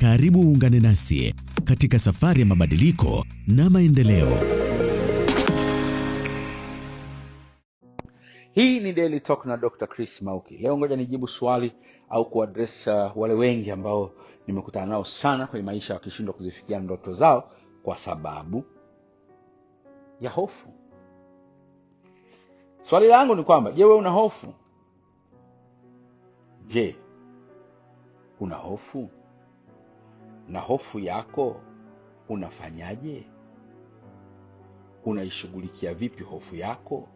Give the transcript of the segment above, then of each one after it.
Karibu uungane nasi katika safari ya mabadiliko na maendeleo. Hii ni Daily Talk na Dr. Chris Mauki. Leo ngoja nijibu swali au kuadress wale wengi ambao nimekutana nao sana kwenye maisha wakishindwa kuzifikia ndoto zao kwa sababu ya hofu. Swali langu ni kwamba je, wewe una hofu? Je, una hofu? na hofu yako unafanyaje? Unaishughulikia vipi hofu yako?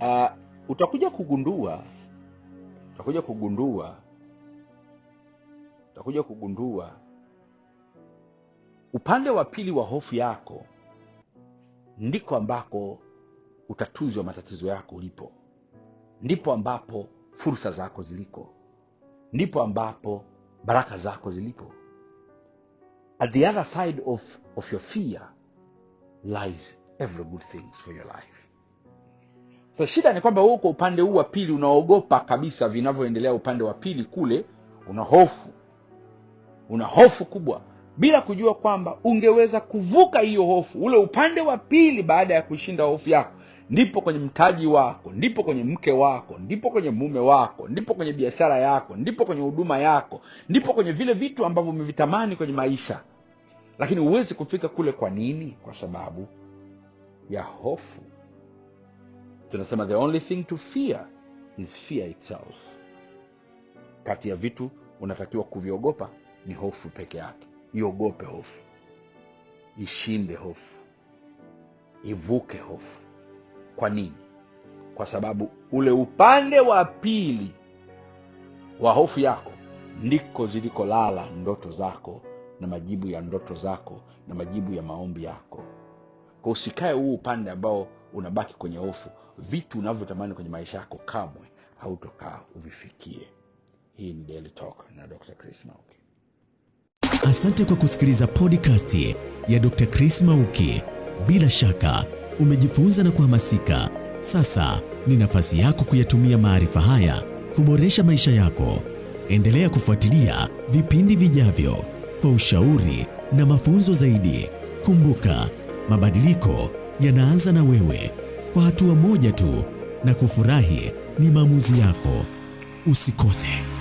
Uh, utakuja kugundua utakuja kugundua utakuja kugundua upande wa pili wa hofu yako ndiko ambako utatuzwa matatizo yako ulipo, ndipo ambapo fursa zako ziliko, ndipo ambapo baraka zako zilipo. At the other side of, of your fear lies every good things for your life. So shida ni kwamba huko upande huu wa pili, unaogopa kabisa vinavyoendelea upande wa pili kule, una hofu, una hofu kubwa bila kujua kwamba ungeweza kuvuka hiyo hofu, ule upande wa pili, baada ya kushinda hofu yako ndipo kwenye mtaji wako ndipo kwenye mke wako ndipo kwenye mume wako ndipo kwenye biashara yako ndipo kwenye huduma yako ndipo kwenye vile vitu ambavyo umevitamani kwenye maisha lakini huwezi kufika kule kwa nini kwa sababu ya hofu tunasema the only thing to fear is fear itself kati ya vitu unatakiwa kuviogopa ni hofu peke yake iogope hofu ishinde hofu ivuke hofu kwa nini? Kwa sababu ule upande wa pili wa hofu yako ndiko zilikolala ndoto zako na majibu ya ndoto zako na majibu ya maombi yako. Kwa usikae huu upande ambao unabaki kwenye hofu. Vitu unavyotamani kwenye maisha yako kamwe hautokaa uvifikie. Hii ni Daily Talk na Dr. Chris Mauki. Asante kwa kusikiliza podcast ya Dr. Chris Mauki. Bila shaka umejifunza na kuhamasika. Sasa ni nafasi yako kuyatumia maarifa haya kuboresha maisha yako. Endelea kufuatilia vipindi vijavyo kwa ushauri na mafunzo zaidi. Kumbuka, mabadiliko yanaanza na wewe, kwa hatua moja tu, na kufurahi ni maamuzi yako. Usikose.